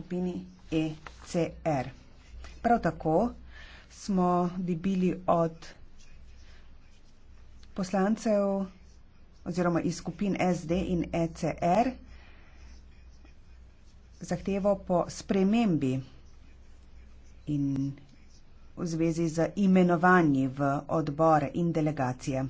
skupini ECR. Prav tako smo dobili od poslancev oziroma iz skupin SD in ECR zahtevo po spremembi in v zvezi z imenovanji v odbore in delegacije.